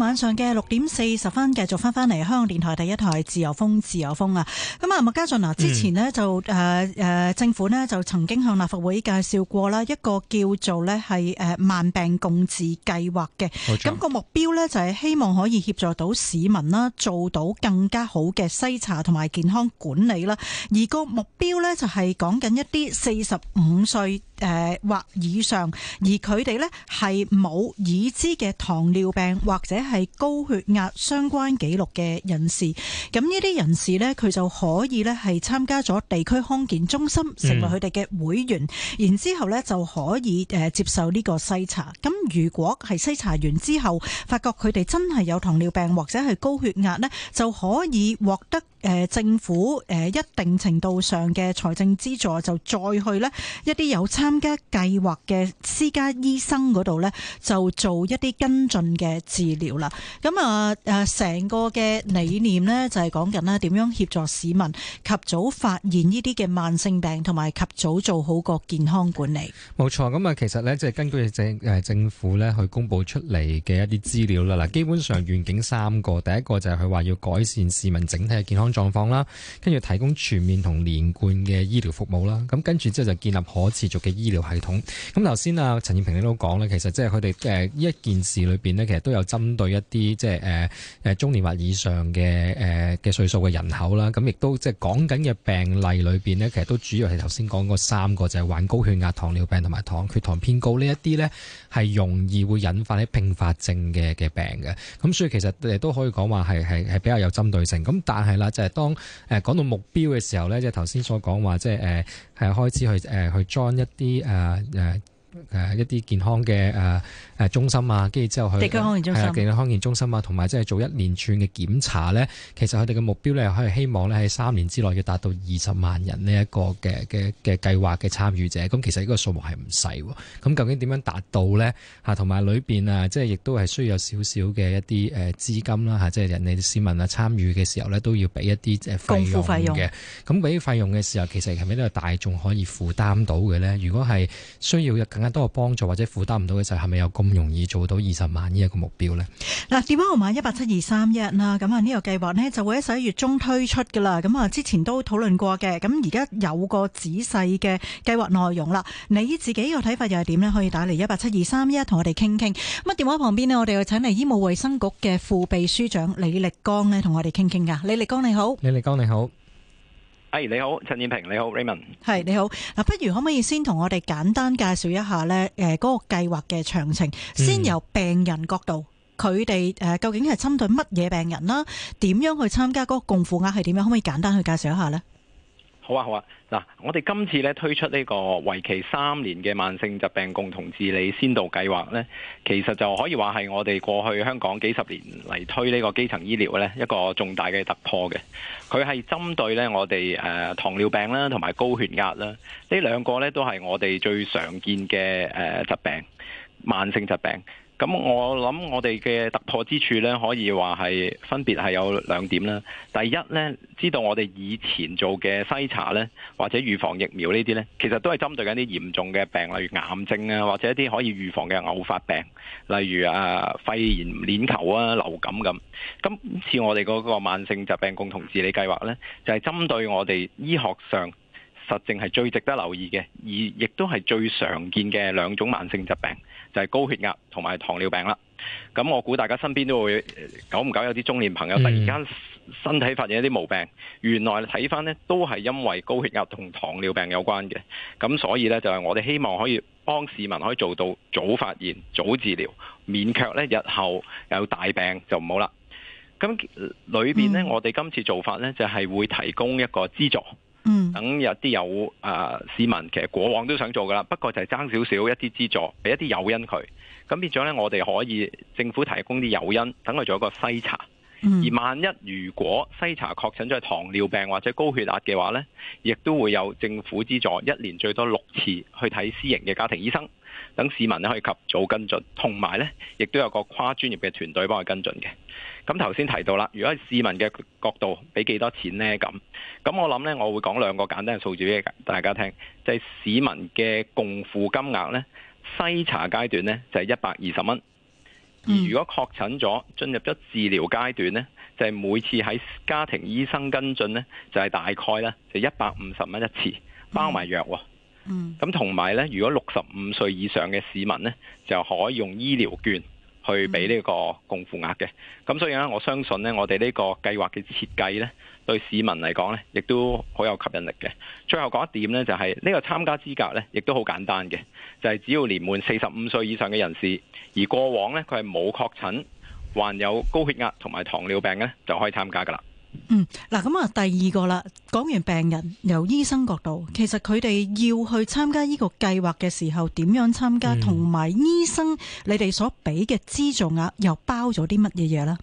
晚上嘅六點四十分，繼續返返嚟香港電台第一台《自由風》，自由風啊！咁啊，麥嘉俊嗱，之前呢就誒誒、嗯呃、政府呢，就曾經向立法會介紹過啦，一個叫做呢係誒慢病共治計劃嘅，咁錯個目標呢，就係希望可以協助到市民啦，做到更加好嘅篩查同埋健康管理啦，而個目標呢，就係講緊一啲四十五歲。誒、呃、或以上，而佢哋呢，係冇已知嘅糖尿病或者係高血壓相關記錄嘅人士，咁呢啲人士呢，佢就可以呢，係參加咗地區康健中心，成為佢哋嘅會員，嗯、然之後呢，就可以、呃、接受呢個篩查。咁如果係篩查完之後，發覺佢哋真係有糖尿病或者係高血壓呢，就可以獲得，誒，政府誒，一定程度上嘅財政資助就再去咧一啲有參加計劃嘅私家醫生嗰度咧，就做一啲跟進嘅治療啦。咁啊誒，成個嘅理念咧就係講緊咧點樣協助市民及早發現呢啲嘅慢性病，同埋及早做好個健康管理。冇錯，咁啊，其實咧即係根據政誒政府咧去公布出嚟嘅一啲資料啦。嗱，基本上願景三個，第一個就係佢話要改善市民整體嘅健康狀況啦，跟住提供全面同連貫嘅醫療服務啦，咁跟住之後就建立可持續嘅醫療系統。咁頭先啊，陳燕平你都講啦，其實即係佢哋誒呢一件事裏邊咧，其實都有針對一啲即係誒誒中年或以上嘅誒嘅歲數嘅人口啦。咁亦都即係講緊嘅病例裏邊咧，其實都主要係頭先講過三個，就係患高血壓、糖尿病同埋糖血糖偏高呢一啲咧，係容易會引發啲併發症嘅嘅病嘅。咁所以其實都可以講話係係係比較有針對性。咁但係啦。誒，當誒講到目標嘅時候咧，即係頭先所講話，即係誒係開始去誒、呃、去裝一啲誒誒。呃呃誒、啊，一啲健康嘅誒誒中心啊，跟住之後去，地區康健中心啊、康健中心啊，同埋即係做一連串嘅檢查咧。其實佢哋嘅目標咧，係希望咧喺三年之內要達到二十萬人呢一個嘅嘅嘅計劃嘅參與者。咁其實呢個數目係唔細，咁究竟點樣達到咧？吓、啊，同埋裏邊啊，啊，即係亦都係需要有少少嘅一啲誒資金啦。吓，即係人哋市民啊參與嘅時候咧，都要俾一啲共付費用嘅。咁俾費用嘅時候，其實係咪都係大眾可以負擔到嘅咧？如果係需要都有幫助或者負擔唔到嘅時候，係咪有咁容易做到二十萬呢一個目標呢？嗱，電話號碼一八七二三一啦。咁啊，呢個計劃呢就會喺十一月中推出噶啦。咁啊，之前都討論過嘅，咁而家有個仔細嘅計劃內容啦。你自己個睇法又係點呢？可以打嚟一八七二三一同我哋傾傾。咁啊，電話旁邊呢，我哋又請嚟醫務衛生局嘅副秘書長李力綱呢，同我哋傾傾噶。李力綱你好，李力綱你好。誒、hey，你好，陳燕平，你好，Raymond，係你好。嗱、啊，不如可唔可以先同我哋簡單介紹一下咧？誒、呃，嗰個計劃嘅詳情，先由病人角度，佢哋誒，究竟係針對乜嘢病人啦？點樣去參加嗰個共付額係點樣？可唔可以簡單去介紹一下咧？好啊好啊，嗱、啊，我哋今次呢推出呢個為期三年嘅慢性疾病共同治理先導計劃呢，其實就可以話係我哋過去香港幾十年嚟推呢個基層醫療呢一個重大嘅突破嘅。佢係針對呢我哋誒糖尿病啦，同埋高血壓啦，呢兩個呢都係我哋最常見嘅誒疾病，慢性疾病。咁我諗我哋嘅突破之處呢，可以話係分別係有兩點啦。第一呢，知道我哋以前做嘅篩查呢，或者預防疫苗呢啲呢，其實都係針對緊啲嚴重嘅病，例如癌症啊，或者一啲可以預防嘅偶發病，例如啊肺炎鏈球啊、流感咁。今次我哋嗰個慢性疾病共同治理計劃呢，就係針對我哋醫學上實證係最值得留意嘅，而亦都係最常見嘅兩種慢性疾病。就係高血壓同埋糖尿病啦，咁我估大家身邊都會久唔久有啲中年朋友突然間身體發現一啲毛病，嗯、原來睇返呢都係因為高血壓同糖尿病有關嘅，咁所以呢，就係我哋希望可以幫市民可以做到早發現、早治療，免卻呢日後有大病就唔好啦。咁裏邊呢，我哋今次做法呢，就係會提供一個資助。嗯，等有啲有啊、呃、市民，其實過往都想做噶啦，不過就係爭少少一啲資助，俾一啲誘因佢。咁變咗咧，我哋可以政府提供啲誘因，等佢做一個篩查。而萬一如果篩查確診咗係糖尿病或者高血壓嘅話咧，亦都會有政府資助，一年最多六次去睇私營嘅家庭醫生。等市民咧可以及早跟進，同埋咧亦都有個跨專業嘅團隊幫佢跟進嘅。咁頭先提到啦，如果係市民嘅角度，俾幾多錢咧？咁咁我諗咧，我，我會講兩個簡單嘅數字俾大家聽，就係、是、市民嘅共付金額咧，篩查階段咧就係一百二十蚊，而如果確診咗進入咗治療階段咧，就係、是、每次喺家庭醫生跟進咧，就係、是、大概咧就一百五十蚊一次，包埋藥喎。咁同埋呢，如果六十五歲以上嘅市民呢，就可以用醫療券去俾呢個共付額嘅。咁所以呢，我相信呢，我哋呢個計劃嘅設計呢，對市民嚟講呢，亦都好有吸引力嘅。最後講一點呢，就係呢個參加資格呢，亦都好簡單嘅，就係只要年滿四十五歲以上嘅人士，而過往呢，佢係冇確診、患有高血壓同埋糖尿病呢，就可以參加㗎啦。嗯，嗱，咁啊，第二個啦，講完病人由醫生角度，其實佢哋要去參加呢個計劃嘅時候，點樣參加？同埋醫生，你哋所俾嘅資助額又包咗啲乜嘢嘢呢？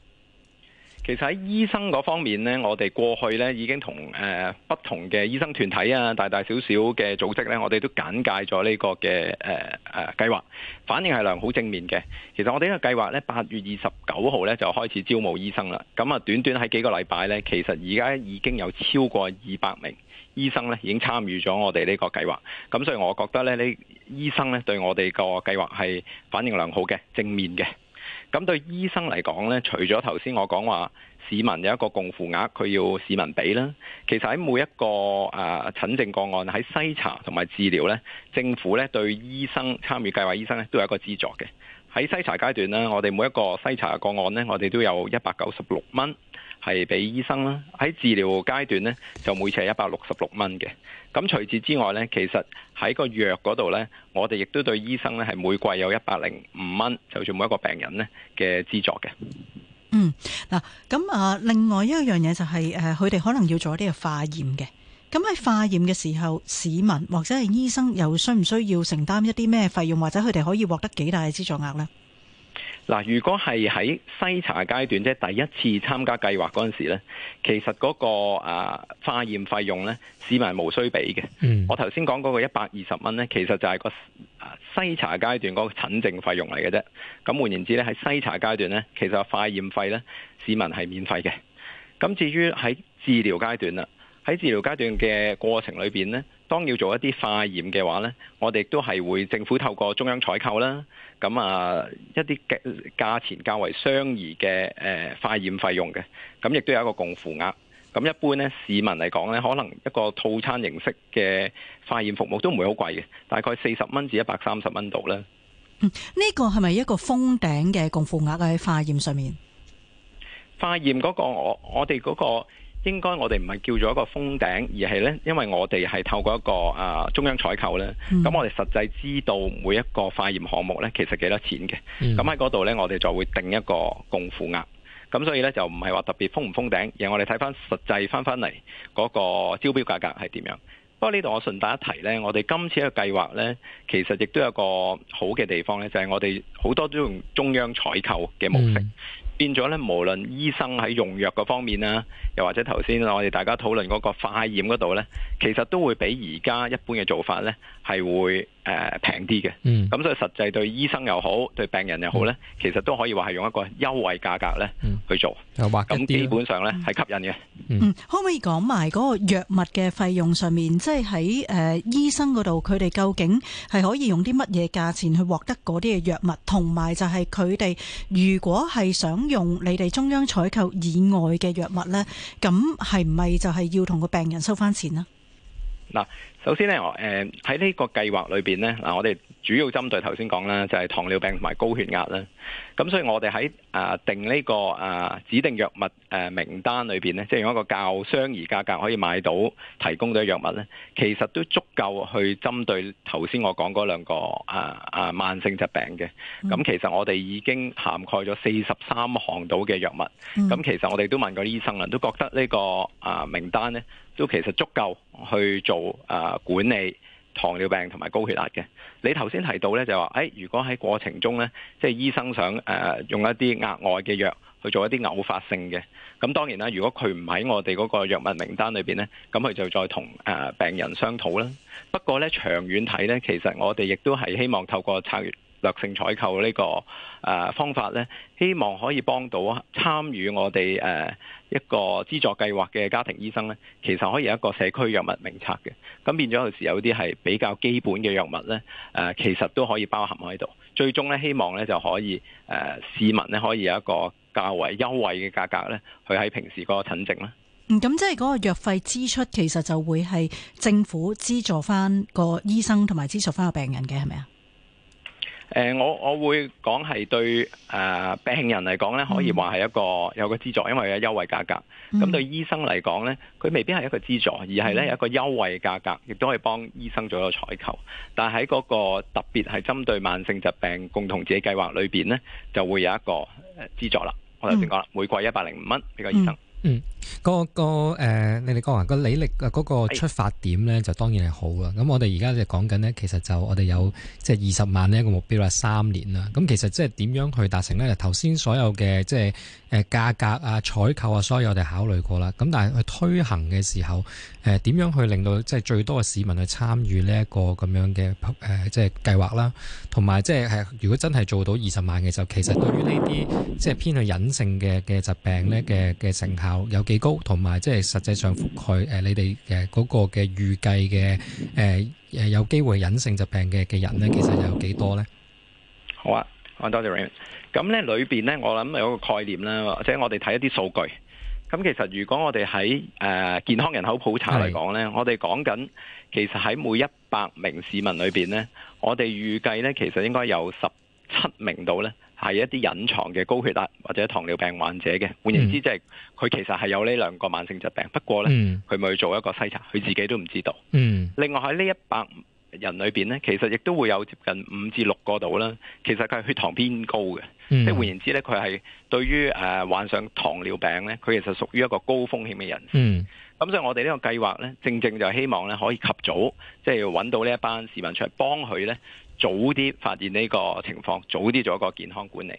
其實喺醫生嗰方面呢，我哋過去呢已經同誒、呃、不同嘅醫生團體啊，大大小小嘅組織呢，我哋都簡介咗呢、這個嘅誒誒計劃，反應係良好、正面嘅。其實我哋呢個計劃呢，八月二十九號呢就開始招募醫生啦。咁啊，短短喺幾個禮拜呢，其實而家已經有超過二百名醫生呢已經參與咗我哋呢個計劃。咁所以我覺得呢，呢、這個、醫生呢對我哋個計劃係反應良好嘅、正面嘅。咁對醫生嚟講咧，除咗頭先我講話市民有一個共付額，佢要市民俾啦。其實喺每一個誒診症個案喺篩查同埋治療咧，政府咧對醫生參與計劃醫生咧都有一個資助嘅。喺篩查階段咧，我哋每一個篩查個案咧，我哋都有一百九十六蚊。係俾醫生啦，喺治療階段呢，就每次係一百六十六蚊嘅。咁除此之外呢，其實喺個藥嗰度呢，我哋亦都對醫生呢，係每季有一百零五蚊，就算每一個病人呢嘅資助嘅。嗯，嗱，咁啊，另外一樣嘢就係誒佢哋可能要做一啲嘅化驗嘅。咁喺化驗嘅時候，市民或者係醫生又需唔需要承擔一啲咩費用，或者佢哋可以獲得幾大嘅資助額呢？嗱，如果係喺篩查階段，即係第一次參加計劃嗰陣時咧，其實嗰個化驗費用咧，市民係無需俾嘅。嗯、我頭先講嗰個一百二十蚊咧，其實就係個啊篩查階段嗰個診症費用嚟嘅啫。咁換言之咧，喺篩查階段咧，其實化驗費咧，市民係免費嘅。咁至於喺治療階段啦。喺治療階段嘅過程裏邊呢，當要做一啲化驗嘅話呢，我哋都係會政府透過中央採購啦。咁啊，一啲價價錢較為相宜嘅誒化驗費用嘅，咁亦都有一個共付額。咁一般呢，市民嚟講呢，可能一個套餐形式嘅化驗服務都唔會好貴嘅，大概四十蚊至一百三十蚊度啦。呢、嗯呢個係咪一個封頂嘅共付額喺化驗上面？化驗嗰、嗰個，我我哋嗰、嗰個。應該我哋唔係叫做一個封頂，而係呢，因為我哋係透過一個啊中央採購呢咁、mm. 我哋實際知道每一個化驗項目呢，其實幾多錢嘅。咁喺嗰度呢，我哋就會定一個共付額。咁所以呢，就唔係話特別封唔封頂，而我哋睇翻實際返返嚟嗰個招標價格係點樣。不過呢度我順帶一提呢，我哋今次嘅計劃呢，其實亦都有一個好嘅地方呢，就係、是、我哋好多都用中央採購嘅模式。Mm. 變咗咧，無論醫生喺用藥嗰方面啊，又或者頭先我哋大家討論嗰個化驗嗰度咧，其實都會比而家一般嘅做法咧，係會誒平啲嘅。嗯，咁所以實際對醫生又好，對病人又好咧，嗯、其實都可以話係用一個優惠價格咧去做。又咁、嗯、基本上咧係吸引嘅。嗯，嗯可唔可以講埋嗰個藥物嘅費用上面，即係喺誒醫生嗰度，佢哋究竟係可以用啲乜嘢價錢去獲得嗰啲嘅藥物，同埋就係佢哋如果係想用你哋中央採購以外嘅藥物咧，咁係唔係就係要同個病人收返錢咧？嗱，首先咧，誒喺呢個計劃裏邊咧，嗱我哋主要針對頭先講啦，就係糖尿病同埋高血壓啦。咁所以我哋喺啊定呢個啊指定藥物誒名單裏邊咧，即係用一個較相宜價格可以買到提供咗藥物咧，其實都足夠去針對頭先我講嗰兩個啊慢性疾病嘅。咁其實我哋已經涵蓋咗四十三項到嘅藥物。咁其實我哋都問過啲醫生啦，都覺得呢個啊名單咧。都其實足夠去做誒、呃、管理糖尿病同埋高血壓嘅。你頭先提到咧，就話誒、哎，如果喺過程中咧，即係醫生想誒、呃、用一啲額外嘅藥去做一啲偶發性嘅。咁當然啦，如果佢唔喺我哋嗰個藥物名單裏邊咧，咁佢就再同誒、呃、病人商討啦。不過咧，長遠睇咧，其實我哋亦都係希望透過策略性採購呢個誒方法咧，希望可以幫到參與我哋誒一個資助計劃嘅家庭醫生咧，其實可以有一個社區藥物名冊嘅，咁變咗有時有啲係比較基本嘅藥物咧，誒其實都可以包含喺度。最終咧，希望咧就可以誒市民咧可以有一個較為優惠嘅價格咧，去喺平時嗰個診症啦。咁即係嗰個藥費支出其實就會係政府資助返個醫生同埋資助返個病人嘅，係咪啊？誒、呃，我我會講係對誒、呃、病人嚟講咧，可以話係一個有個資助，因為有優惠價格。咁對醫生嚟講咧，佢未必係一個資助，而係咧有一個優惠價格，亦都可以幫醫生做一個採購。但係喺嗰個特別係針對慢性疾病共同治理計劃裏邊咧，就會有一個誒資助啦。我頭先講啦，每季一百零五蚊俾個醫生。嗯，那個個誒、呃，你哋講話個理力嗰個出發點咧，是就當然係好啦。咁我哋而家就講緊咧，其實就我哋有即係二十萬呢一個目標啊，三年啦。咁其實即係點樣去達成咧？頭先所有嘅即係誒價格啊、採購啊，所以我哋考慮過啦。咁但係去推行嘅時候，誒、呃、點樣去令到即係最多嘅市民去參與呢一個咁樣嘅誒、呃、即係計劃啦？同埋即係如果真係做到二十萬嘅時候，其實對於呢啲即係偏向隱性嘅嘅疾病咧嘅嘅成效。有有幾高，同埋即係實際上覆蓋誒，你哋誒嗰個嘅預計嘅誒誒有機會隱性疾病嘅嘅人咧，其實又有幾多咧？好啊，多謝 Raymond，咁咧裏邊咧，我諗有個概念啦，或者我哋睇一啲數據。咁其實如果我哋喺誒健康人口普查嚟講咧，我哋講緊，其實喺每一百名市民裏邊咧，我哋預計咧，其實應該有十七名度咧。係一啲隱藏嘅高血壓或者糖尿病患者嘅，換言之，即係佢其實係有呢兩個慢性疾病。不過呢，佢咪、嗯、去做一個篩查，佢自己都唔知道。嗯、另外喺呢一百人裏邊呢，其實亦都會有接近五至六個度啦。其實佢係血糖偏高嘅，即係、嗯、換言之呢佢係對於誒患上糖尿病呢，佢其實屬於一個高風險嘅人士。咁、嗯、所以，我哋呢個計劃呢，正正就希望呢，可以及早即係要揾到呢一班市民出嚟幫佢呢。早啲發現呢個情況，早啲做一個健康管理。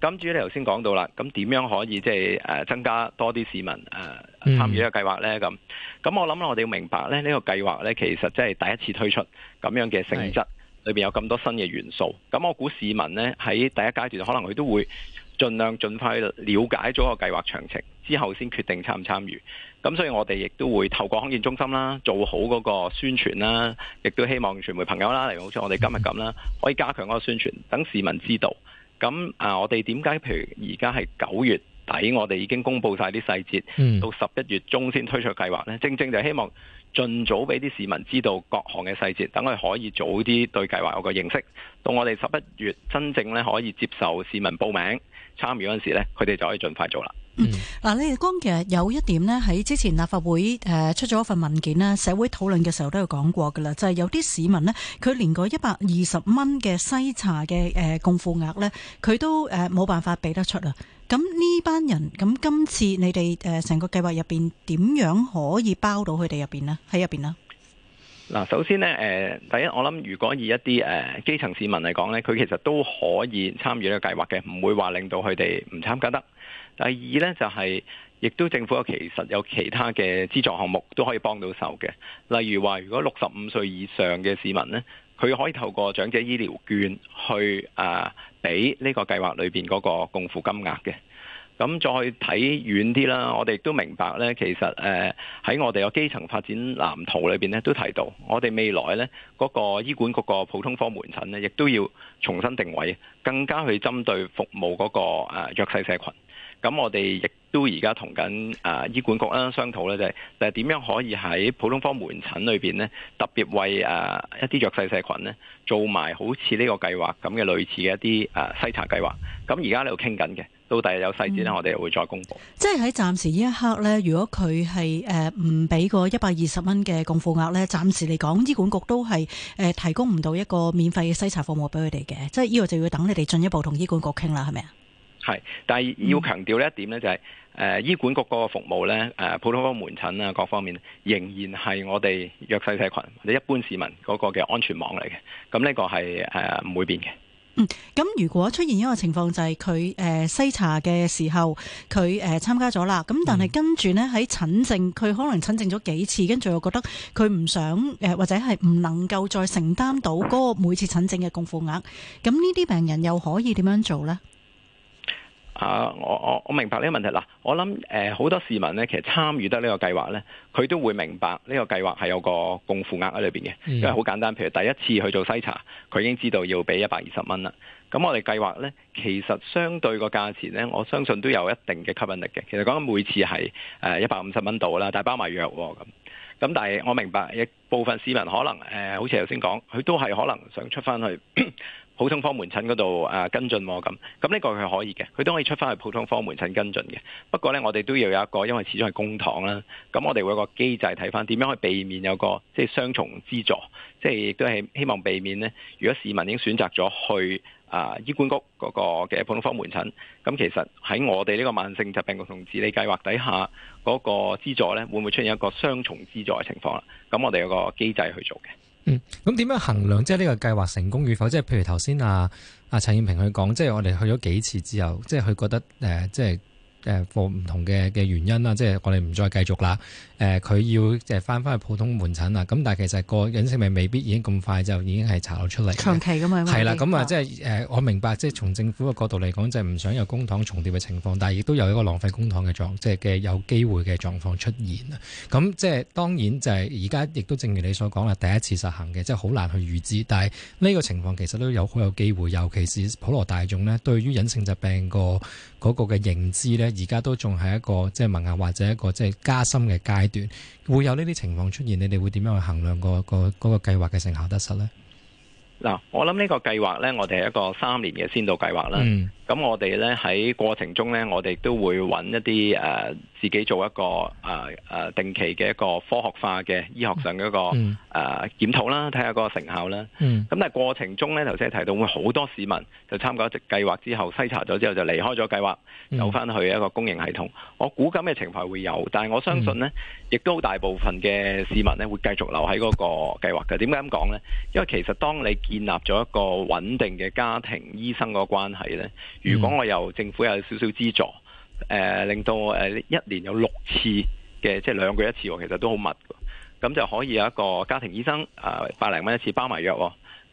咁至於你頭先講到啦，咁點樣可以即係誒增加多啲市民誒參與呢個計劃呢？咁咁我諗我哋要明白咧，呢個計劃呢，其實即係第一次推出咁樣嘅性質，裏邊是有咁多新嘅元素。咁我估市民呢，喺第一階段可能佢都會盡量盡快了解咗個計劃詳情之後先決定參唔參與。咁所以我哋亦都會透過康健中心啦，做好嗰個宣傳啦，亦都希望傳媒朋友啦，例如好似我哋今日咁啦，可以加強嗰個宣傳，等市民知道。咁啊，我哋點解譬如而家係九月底，我哋已經公布晒啲細節，到十一月中先推出計劃呢？正正就希望盡早俾啲市民知道各項嘅細節，等佢可以早啲對計劃有個認識。到我哋十一月真正咧可以接受市民報名參與嗰陣時咧，佢哋就可以盡快做啦。嗯，嗱，李力綱其實有一點咧，喺之前立法會誒出咗份文件咧，社會討論嘅時候都有講過噶啦，就係有啲市民咧，佢連個一百二十蚊嘅篩查嘅誒共付額咧，佢都誒冇辦法俾得出啦。咁呢班人，咁今次你哋誒成個計劃入邊，點樣可以包到佢哋入邊咧？喺入邊咧？嗱，首先咧，誒，第一，我諗如果以一啲誒基層市民嚟講咧，佢其實都可以參與呢個計劃嘅，唔會話令到佢哋唔參加得。第二呢，就係，亦都政府有其實有其他嘅資助項目都可以幫到手嘅。例如話，如果六十五歲以上嘅市民呢，佢可以透過長者醫療券去啊俾呢個計劃裏面嗰個共付金額嘅。咁再睇遠啲啦，我哋亦都明白呢，其實誒喺我哋嘅基層發展藍圖裏面呢都提到，我哋未來呢，嗰個醫管局個普通科門診呢，亦都要重新定位，更加去針對服務嗰個誒弱勢社群。咁我哋亦都而家同緊誒醫管局咧商討咧，就係就係點樣可以喺普通科門診裏邊咧，特別為誒一啲弱勢社群咧，做埋好似呢個計劃咁嘅類似嘅一啲誒篩查計劃。咁而家呢度傾緊嘅，到底有細節咧，我哋會再公布。嗯、即係喺暫時呢一刻咧，如果佢係誒唔俾個一百二十蚊嘅共付額咧，暫時嚟講，醫管局都係誒提供唔到一個免費嘅篩查服務俾佢哋嘅。即係呢個就要等你哋進一步同醫管局傾啦，係咪啊？係，但係要強調呢一點呢就係、是、誒、嗯呃、醫管局嗰個服務咧誒、呃，普通科門診啊，各方面仍然係我哋弱勢社群或者一般市民嗰個嘅安全網嚟嘅。咁呢個係誒唔會變嘅。嗯，咁如果出現一個情況就係佢誒篩查嘅時候，佢誒參加咗啦，咁但係跟住呢，喺診、嗯、症，佢可能診症咗幾次，跟住又覺得佢唔想誒、呃、或者係唔能夠再承擔到嗰個每次診症嘅共付額，咁呢啲病人又可以點樣做呢？啊！我我我明白呢個問題嗱，我諗誒好多市民咧，其實參與得呢個計劃呢，佢都會明白呢個計劃係有個共付額喺裏邊嘅，嗯、因為好簡單，譬如第一次去做篩查，佢已經知道要俾一百二十蚊啦。咁我哋計劃呢，其實相對個價錢呢，我相信都有一定嘅吸引力嘅。其實講緊每次係誒一百五十蚊度啦，括的但係包埋藥咁。咁但係我明白一部分市民可能誒，好似頭先講，佢都係可能想出翻去。普通科門診嗰度跟進喎咁，咁呢個佢係可以嘅，佢都可以出翻去普通科門診跟進嘅。不過呢，我哋都要有一個，因為始終係公帑啦。咁我哋會有個機制睇翻，點樣去避免有個即係雙重資助，即係亦都係希望避免呢，如果市民已經選擇咗去啊、呃、醫管局嗰個嘅普通科門診，咁其實喺我哋呢個慢性疾病共同治理計劃底下嗰、嗰個資助呢會唔會出現一個雙重資助嘅情況啦？咁我哋有個機制去做嘅。嗯，咁點樣衡量即係呢個計劃成功與否？即係譬如頭先啊，阿、啊、陳燕平佢講，即係我哋去咗幾次之後，即係佢覺得、呃、即係誒貨唔同嘅嘅原因啦，即係我哋唔再繼續啦。誒佢、呃、要即係翻返去普通門診啦，咁但係其實個隱性病未必已經咁快就已經係查到出嚟。長期咁樣係啦，咁啊即係誒我明白，即係從政府嘅角度嚟講，就唔、是、想有公帑重疊嘅情況，但係亦都有一個浪費公帑嘅狀，即係嘅有機會嘅狀況出現啊。咁即係當然就係而家亦都正如你所講啦，第一次實行嘅，即係好難去預知。但係呢個情況其實都有好有機會，尤其是普羅大眾呢，對於隱性疾病個嗰個嘅認知呢，而家都仲係一個即係盲眼或者一個即係加深嘅階。會有呢啲情況出現，你哋會點樣去衡量，嗰個嗰個個計劃嘅成效得失咧？嗱，我諗呢個計劃咧，我哋係一個三年嘅先導計劃啦。咁、嗯、我哋咧喺過程中咧，我哋都會揾一啲誒自己做一個誒誒定期嘅一個科學化嘅醫學上嘅一個誒檢討啦，睇下、嗯、個成效啦。咁、嗯、但係過程中咧，頭先提到會好多市民就參加直計劃之後，篩查咗之後就離開咗計劃，嗯、走翻去一個公營系統。我估咁嘅情況會有，但係我相信咧，亦都大部分嘅市民咧會繼續留喺嗰個計劃嘅。點解咁講咧？因為其實當你建立咗一個穩定嘅家庭醫生個關係呢，如果我由政府有少少資助，誒、呃、令到我一年有六次嘅，即係兩個月一次，其實都好密，咁就可以有一個家庭醫生啊、呃、百零蚊一次包埋藥，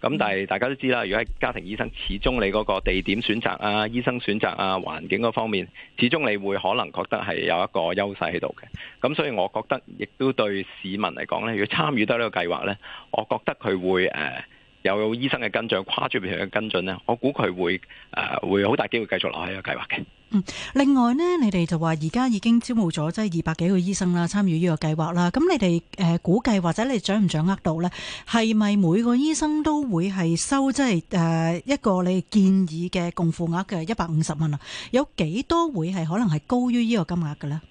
咁、呃、但係大家都知啦，如果係家庭醫生，始終你嗰個地點選擇啊、醫生選擇啊、環境嗰方面，始終你會可能覺得係有一個優勢喺度嘅。咁所以，我覺得亦都對市民嚟講如果參與得呢個計劃呢，我覺得佢會誒、呃有醫生嘅跟進，跨專業嘅跟進咧，我估佢會誒、呃、會好大機會繼續落喺個計劃嘅。嗯，另外呢，你哋就話而家已經招募咗即係二百幾個醫生啦，參與呢個計劃啦。咁你哋誒估計或者你哋掌唔掌握到呢，係咪每個醫生都會係收即係誒一個你建議嘅共付額嘅一百五十蚊啊？有幾多會係可能係高於呢個金額嘅呢？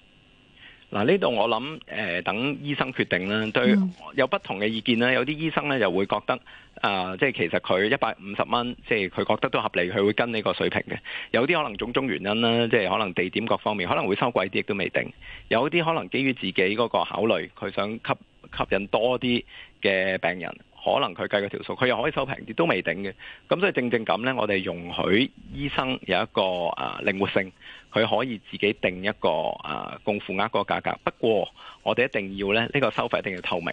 嗱，呢度我諗，誒、呃、等醫生決定啦，對有不同嘅意見啦，有啲醫生咧又會覺得，啊、呃、即係其實佢一百五十蚊，即係佢覺得都合理，佢會跟呢個水平嘅。有啲可能種種原因啦，即係可能地點各方面可能會收貴啲，亦都未定。有啲可能基於自己嗰個考慮，佢想吸吸引多啲嘅病人，可能佢計個條數，佢又可以收平啲，都未定嘅。咁所以正正咁，呢，我哋容許醫生有一個啊、呃、靈活性。佢可以自己定一個啊共付額個價格，不過我哋一定要咧，呢個收費一定要透明。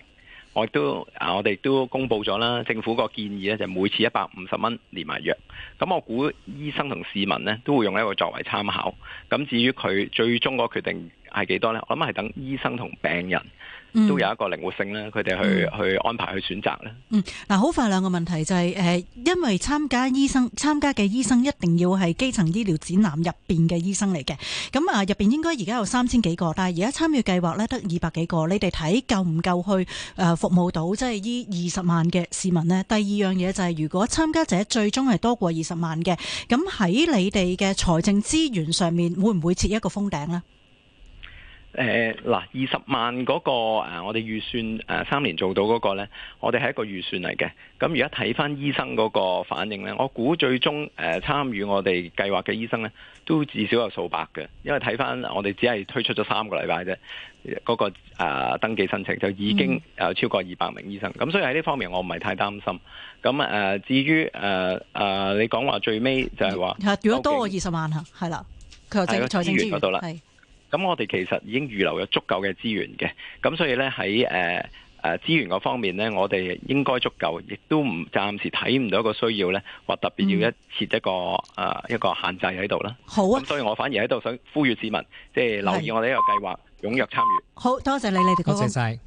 我亦都啊，我哋都公布咗啦，政府個建議呢就每次一百五十蚊連埋藥。咁我估醫生同市民呢都會用呢個作為參考。咁至於佢最終個決定係幾多呢？我諗係等醫生同病人。嗯、都有一個靈活性咧，佢哋去、嗯、去安排去選擇咧。嗯，嗱，好快兩個問題就係，誒，因為參加醫生參加嘅醫生一定要係基層醫療展覽入邊嘅醫生嚟嘅。咁啊，入邊應該而家有三千幾個，但係而家參與計劃咧得二百幾個。你哋睇，夠唔夠去誒服務到即係依二十萬嘅市民咧？第二樣嘢就係、是，如果參加者最終係多過二十萬嘅，咁喺你哋嘅財政資源上面會唔會設一個封頂咧？誒嗱，二十、欸、萬嗰、那個、啊、我哋預算誒三、啊、年做到嗰、那個咧，我哋係一個預算嚟嘅。咁而家睇翻醫生嗰個反應咧，我估最終誒參與我哋計劃嘅醫生咧，都至少有數百嘅，因為睇翻我哋只係推出咗三個禮拜啫，嗰、那個、啊、登記申請就已經誒超過二百名醫生。咁、嗯、所以喺呢方面我唔係太擔心。咁誒、呃、至於誒誒你講話最尾就係話，如果多過二十萬啊，係啦，佢就即係財政嗰度啦。咁我哋其實已經預留咗足夠嘅資源嘅，咁所以呢，喺誒誒資源嗰方面呢，我哋應該足夠，亦都唔暫時睇唔到一個需要呢，或特別要一設一個、嗯呃、一個限制喺度啦。好啊，咁所以我反而喺度想呼籲市民，即係留意我哋呢個計劃，踴躍參與。好多謝你，你哋講。